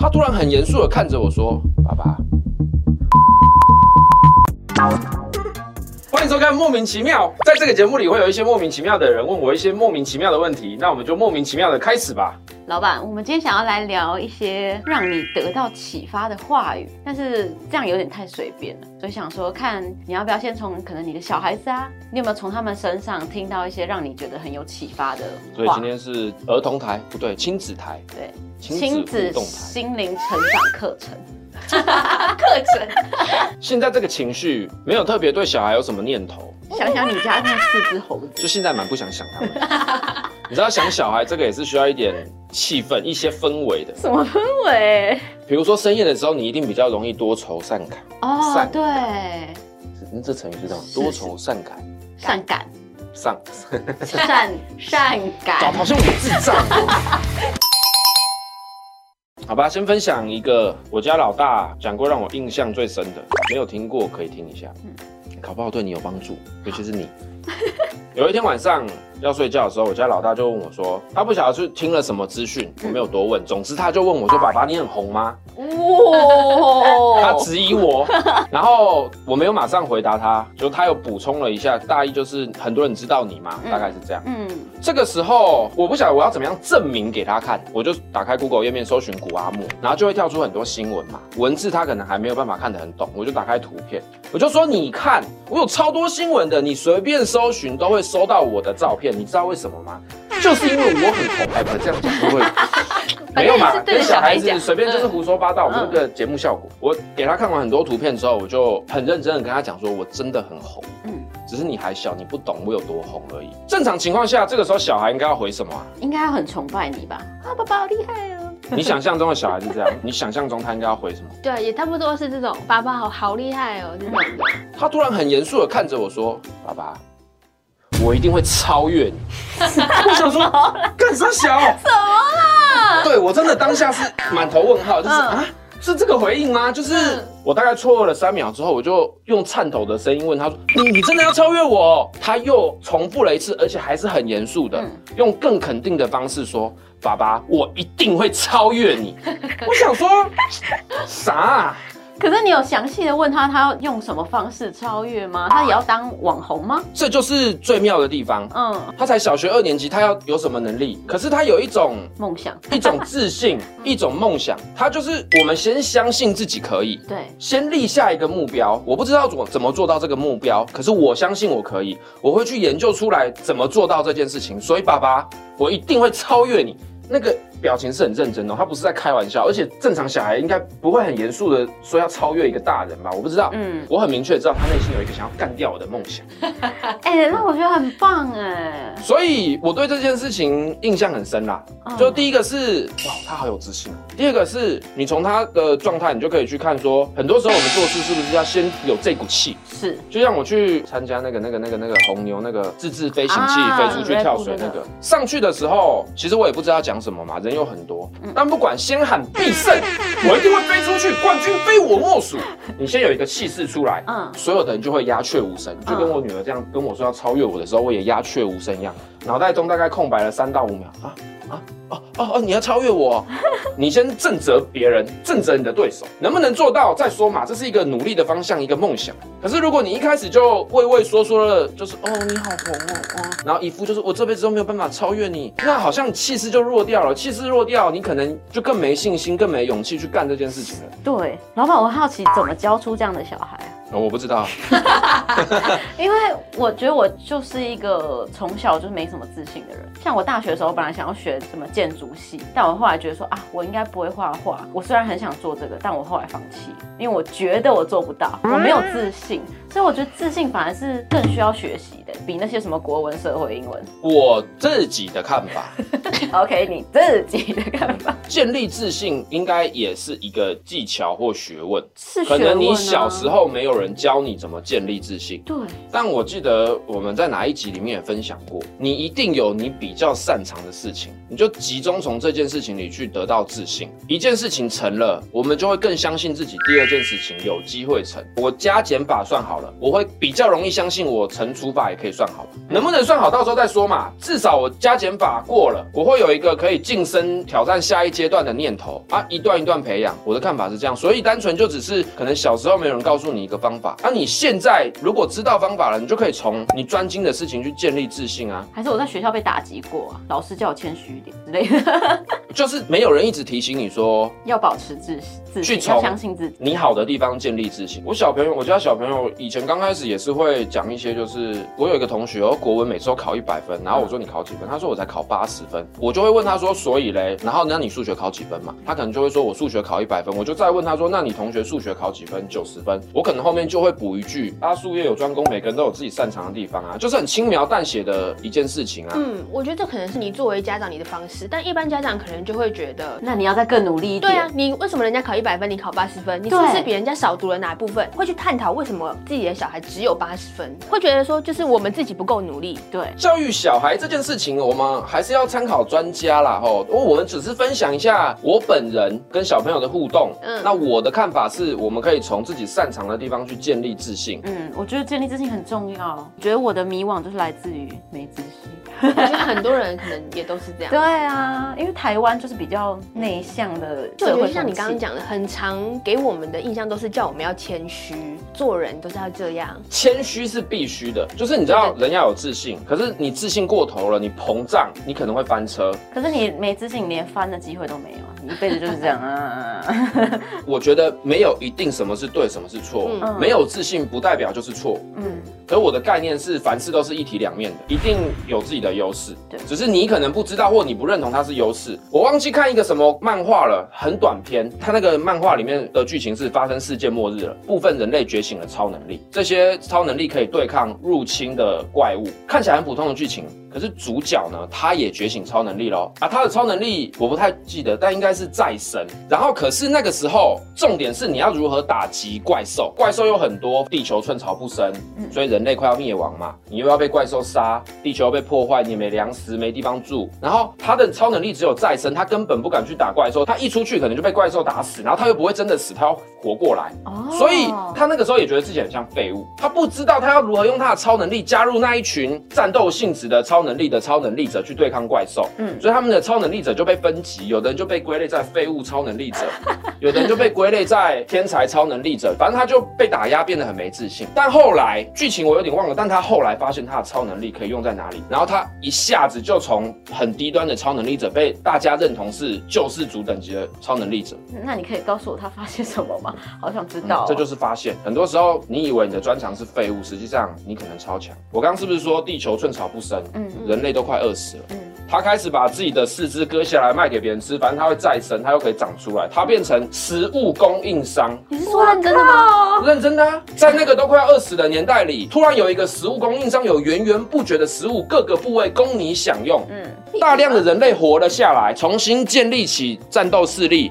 他突然很嚴肅地看着我說拜拜：“爸爸，歡迎收看《莫名其妙》。在這個節目裡，會有一些莫名其妙的人問我一些莫名其妙的問題，那我們就莫名其妙的開始吧。”老闆，我們今天想要來聊一些讓你得到啟發的話語，但是這樣有點太隨便了，所以想說看你要不要先從可能你的小孩子啊，你有沒有從他們身上聽到一些讓你覺得很有啟發的話？所以今天是兒童台，不對，親子台，對，親子運動台。親子心靈成長課程課程。現在這個情緒沒有特別對小孩有什麼念頭，想想你家那四隻猴子，就現在蠻不想想他們。 你知道想小孩這個也是需要一點氣氛、一些氛圍的。什麼氛圍？比如說深夜的時候，你一定比較容易多愁善感。哦、oh, 感，對。這這成語是這樣，是是多愁善感。善感。善善善善感。搞得，好像我智障。 好吧，先分享一個我家老大講過讓我印象最深的，沒有聽過可以聽一下，好、嗯、搞不好，對你有幫助，尤其是你。好有一天晚上。要睡覺的時候，我家老大就問我說：“他不曉得是聽了什麼資訊，我沒有多問。總之，他就問我說：‘爸爸，你很紅嗎？’哇，他質疑我。然後我沒有馬上回答他，就他又補充了一下：‘大意就是很多人知道你嗎？’大概是這樣。嗯。這個時候，我不曉得我要怎麼樣證明給他看，我就打開 Google 頁面搜尋谷阿莫，然後就會跳出很多新聞嘛，文字他可能還沒有辦法看得很懂，我就打開圖片，我就說你看，我有超多新聞的，你隨便搜尋都會搜到我的照片，你知道為什麼嗎？ 就是因為我很紅，這樣講就不會。 沒有嘛，跟小孩子隨便就是胡說八道，我們那個節目效果。我給他看完很多圖片之後，我就很認真的跟他講說，我真的很紅，嗯，只是你還小，你不懂我有多紅而已。正常情況下，這個時候小孩應該要回什麼？應該要很崇拜你吧？啊，爸爸好厲害哦！你想象中的小孩是這樣，你想象中他應該要回什麼？對，也差不多是這種，爸爸好好厲害哦這種。他突然很嚴肅的看着我說，爸爸，我一定會超越你。我想說，幹什麼啦？怎麼了？對，我真的當下是滿頭問號，就是啊，是這個回應嗎？就是我大概錯愕了三秒之後，我就用顫抖的聲音問他說你：“你真的要超越我？”他又重複了一次，而且還是很嚴肅的，用更肯定的方式說：“爸爸，我一定會超越你。”我想說啥啊？可是你有詳細的問他，他要用什麼方式超越嗎？他也要當網紅嗎？這就是最妙的地方。嗯，他才小學二年級，他要有什麼能力？可是他有一種夢想，一種自信，嗯、一種夢想。他就是我們先相信自己可以，對，先立下一個目標。我不知道怎麼怎麼做到這個目標，可是我相信我可以，我會去研究出來怎麼做到這件事情。所以爸爸，我一定會超越你。那個。表情是很認真的，他不是在開玩笑，而且正常小孩應該不會很嚴肅的說要超越一個大人吧？我不知道，嗯，我很明確知道他內心有一個想要幹掉我的夢想。哎、 欸，那我覺得很棒哎、欸嗯。所以我對這件事情印象很深啦。嗯、就第一個是，哇，他好有自信、啊。第二個是你從他的狀態，你就可以去看說，很多時候我們做事是不是要先有這股氣？是。就像我去參加那個、那個、那個、那個紅牛那個自制飛行器、啊、飛出去的跳水那個，的上去的時候，其實我也不知道要講什麼嘛。有很多，但不管先喊必勝， 我一定會飛出去，冠軍非我莫屬。 你先有一個氣勢出來，uh. 所有的人就會鴉雀無聲。就跟我女兒這樣跟我說要超越我的時候，我也鴉雀無聲一樣。腦袋中大概空白了三到五秒，啊啊哦哦哦！你要超越我， 你先正責別人，正責你的對手，能不能做到再說嘛？這是一個努力的方向，一個夢想。可是如果你一開始就畏畏縮縮了，就是哦你好紅哦，哇，然後一副就是我這輩子都沒有辦法超越你，那好像氣勢就弱掉了，氣勢弱掉，你可能就更沒信心，更沒勇氣去幹這件事情了。對，老闆，我好奇怎麼教出這樣的小孩啊。我不知道， 因為我覺得我就是一個從小就是沒什麼自信的人。像我大學的時候，本來想要學什麼建築系，但我後來覺得說啊，我應該不會畫畫。我雖然很想做這個，但我後來放棄，因為我覺得我做不到，我沒有自信。所以我覺得自信反而是更需要學習的，比那些什麼國文、社會、英文。我自己的看法。 OK，你自己的看法。建立自信應該也是一個技巧或學問是，可能你小時候沒有人。人教你怎麼建立自信，對。但我記得我們在哪一集裡面也分享過，你一定有你比較擅長的事情，你就集中從這件事情裡去得到自信。一件事情成了，我們就會更相信自己。第二件事情有機會成，我加減法算好了，我會比較容易相信我乘除法也可以算好。能不能算好，到時候再說嘛。至少我加減法過了，我會有一個可以晉升挑戰下一階段的念頭啊。一段一段培養，我的看法是這樣。所以單純就只是可能小時候沒有人告訴你一個方。方法。那、啊、你現在如果知道方法了，你就可以從你專精的事情去建立自信啊。還是我在學校被打擊過啊？老師叫我謙虛一點之類的。 就是沒有人一直提醒你說要保持自自信，去從相信自己你好的地方建立自信。信自我小朋友，我家小朋友以前剛開始也是會講一些，就是我有一個同學，國文每次都考一百分，然後我說你考幾分？他說我才考八十分。我就會問他說，所以嘞？然後那你數學考幾分嘛？他可能就會說我數學考一百分。我就再問他說，那你同學數學考幾分？九十分。我可能後面。就會補一句，啊術業有專攻，每個人都有自己擅長的地方啊，就是很輕描淡寫的一件事情啊。嗯，我覺得這可能是你作為家長你的方式，但一般家長可能就會覺得，那你要再更努力一點。對啊，你為什麼人家考一百分，你考八十分？你是不是比人家少讀了哪一部分？會去探討為什麼自己的小孩只有八十分？會覺得說，就是我們自己不夠努力。對，教育小孩這件事情，我們還是要參考專家啦，哦，我們只是分享一下我本人跟小朋友的互動。嗯，那我的看法是，我們可以從自己擅長的地方去去建立自信。嗯，我覺得建立自信很重要。我覺得我的迷惘就是來自於沒自信。很多人可能也都是這樣。 對啊，因為台灣就是比較內向的，就我覺得像你剛剛講的，很常給我們的印象都是叫我們要謙虛，做人都是要這樣。謙虛是必須的，就是你知道人要有自信，對對對，可是你自信過頭了，你膨脹，你可能會翻車。可是你沒自信，你連翻的機會都沒有啊！你一輩子就是這樣啊。 我覺得沒有一定什麼是對，什麼是錯，嗯、沒有自信不代表就是錯。嗯。嗯可我的概念是，凡事都是一體兩面的，一定有自己的優勢。對只是你可能不知道，或你不認同它是優勢。我忘記看一個什麼漫畫了，很短篇。它那個漫畫裡面的劇情是發生世界末日了，部分人類覺醒了超能力，這些超能力可以對抗入侵的怪物。看起來很普通的劇情。可是主角呢，他也覺醒超能力咯。啊！他的超能力我不太記得，但應該是再生。然後，可是那個時候，重點是你要如何打擊怪獸？怪獸有很多，地球寸草不生，嗯，所以人類快要滅亡嘛。你又要被怪獸殺，地球又被破壞，你沒糧食，沒地方住。然後他的超能力只有再生，他根本不敢去打怪獸。他一出去可能就被怪獸打死，然後他又不會真的死，他要。活過來，哦，所以他那個時候也覺得自己很像廢物，他不知道他要如何用他的超能力加入那一群戰鬥性質的超能力的超能力者去對抗怪獸。嗯，所以他們的超能力者就被分級，有的人就被歸類在廢物超能力者，有的人就被歸類在天才超能力者，反正他就被打壓，變得很沒自信。但後來劇情我有點忘了，但他後來發現他的超能力可以用在哪裡，然後他一下子就從很低端的超能力者被大家認同是救世主等級的超能力者。那你可以告訴我他發現什麼嗎？好想知道、哦嗯，這就是發現。很多時候，你以為你的專長是廢物，實際上你可能超強。我剛剛是不是說地球寸草不生，嗯、人類都快餓死了？嗯、他開始把自己的四肢割下來賣給別人吃，反正它會再生，它又可以長出來，它變成食物供應商。哦、你是說認真的嗎？哇靠認真的、啊。在那個都快要餓死的年代裡，突然有一個食物供應商，有源源不絕的食物，各個部位供你享用。嗯，大量的人類活了下來，重新建立起戰鬥勢力。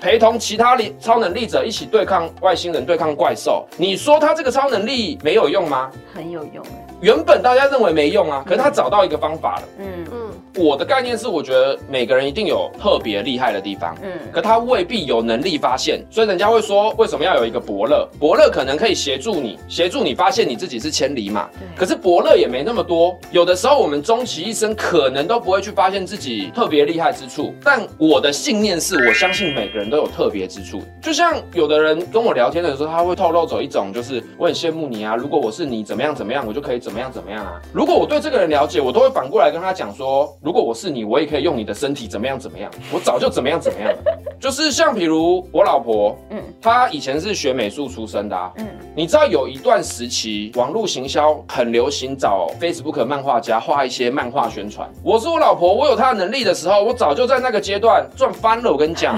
陪同其他超能力者一起對抗外星人、對抗怪獸，你說他這個超能力沒有用嗎？很有用耶。原本大家認為沒用啊，可是他找到一個方法了。嗯。嗯我的概念是，我覺得每個人一定有特別厲害的地方，嗯，可他未必有能力發現，所以人家會說，為什麼要有一個伯樂？伯樂可能可以協助你，協助你發現你自己是千里馬。可是伯樂也沒那麼多，有的時候我們終其一生，可能都不會去發現自己特別厲害之處。但我的信念是，我相信每個人都有特別之處。就像有的人跟我聊天的時候，他會透露走一種，就是我很羨慕你啊，如果我是你，怎麼樣怎麼樣，我就可以怎麼樣怎麼樣啊。如果我對這個人了解，我都會反過來跟他講說。如果我是你，我也可以用你的身體怎麼樣怎麼樣，我早就怎麼樣怎麼樣 就是像比如我老婆，嗯，她以前是學美術出身的啊，嗯，你知道有一段時期網絡行銷很流行，找 Facebook 漫畫家畫一些漫畫宣傳。我是我老婆，我有她的能力的時候，我早就在那個階段賺翻了。我跟你講，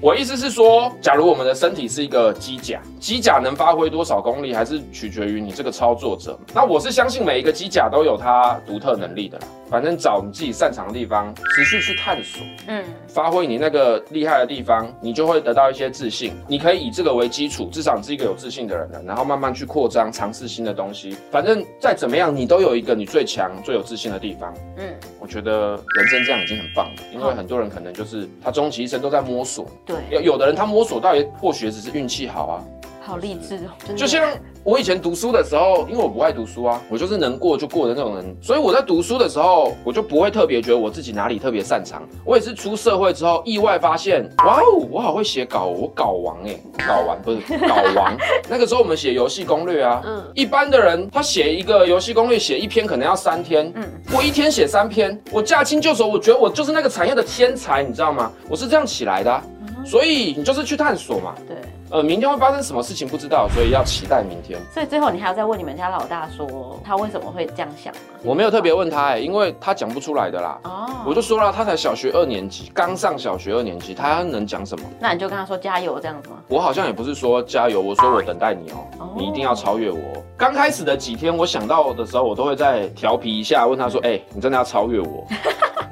我意思是說，假如我們的身體是一個機甲，機甲能發揮多少功力，還是取決於你這個操作者。那我是相信每一個機甲都有它獨特能力的，反正找你自己上。擅長的地方，持續去探索，嗯，發揮你那個厲害的地方，你就會得到一些自信。你可以以這個為基礎，至少你是一個有自信的人了，然後慢慢去擴張，嘗試新的東西。反正再怎麼樣，你都有一個你最強、最有自信的地方。嗯，我覺得人生這樣已經很棒了，因為很多人可能就是他終其一生都在摸索。嗯、對，有有的人他摸索到也或許也只是運氣好啊，好勵志哦，真的就像。我以前讀書的時候，因為我不愛讀書啊，我就是能過就過的那種人，所以我在讀書的時候，我就不會特別覺得我自己哪裡特別擅長。我也是出社會之後意外發現，哇哦，我好會寫稿，我稿王誒、欸，稿王不是稿王。 那個時候我們寫遊戲攻略啊，嗯，一般的人他寫一個遊戲攻略寫一篇可能要三天，嗯，我一天寫三篇，我駕輕就熟，我覺得我就是那個產業的天才，你知道嗎？我是這樣起來的、啊，嗯、哼所以你就是去探索嘛，對。呃，明天會發生什麼事情不知道，所以要期待明天。所以最後你還要再問你們家老大說他為什麼會這樣想嗎？我沒有特別問他哎、欸，因為他講不出來的啦。哦，oh. 我就說了，他才小學二年級，剛上小學二年級，他能講什麼？那你就跟他說加油這樣子嗎？我好像也不是說加油，我說我等待你哦、喔，oh. 你一定要超越我。剛開始的幾天，我想到的時候，我都會再調皮一下，問他說，哎、嗯欸，你真的要超越我？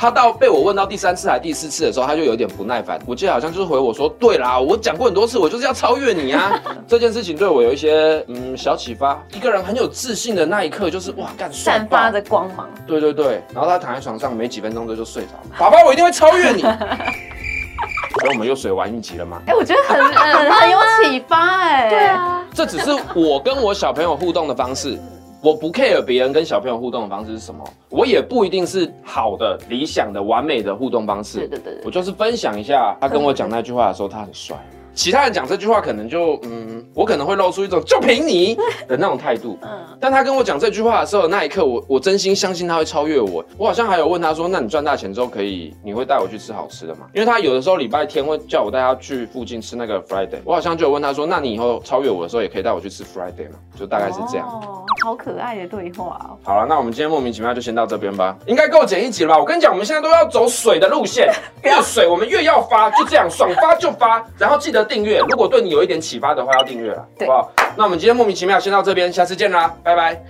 他到被我問到第三次還是第四次的時候，他就有點不耐煩。我記得好像就是回我說：“對啦，我講過很多次，我就是要超越你啊。” 這件事情對我有一些嗯小啟發。一個人很有自信的那一刻，就是哇，幹散發着光芒。對對對，然後他躺在床上沒幾分鐘就就睡着了。爸爸，我一定會超越你。 所以我們又水玩一集了嗎？哎、欸，我覺得很很很有啟發哎、欸。 對啊，這只是我跟我小朋友互動的方式。我不 care 別人跟小朋友互動的方式是什麼，我也不一定是好的、理想的、完美的互動方式。對對對，我就是分享一下他跟我講那句話的時候，他很帥。其他人講這句話可能就嗯，我可能會露出一種就憑你的那種態度， 嗯，但他跟我講這句話的時候，那一刻我我真心相信他會超越我。我好像還有問他說，那你賺大錢之後可以，你會帶我去吃好吃的嗎？因為他有的時候禮拜天會叫我帶他去附近吃那個 Friday，我好像就有問他說，那你以後超越我的時候也可以帶我去吃 Friday 嘛，就大概是這樣。哦，好可愛的對話。好了，那我們今天莫名其妙就先到這邊吧，應該夠剪一集了吧？我跟你講，我們現在都要走水的路線，越水我們越要發，就這樣，爽發就發，然後記得。訂閱，如果對你有一點啟發的話要，要訂閱了，好不好？那我們今天莫名其妙先到這邊，下次見啦，拜拜。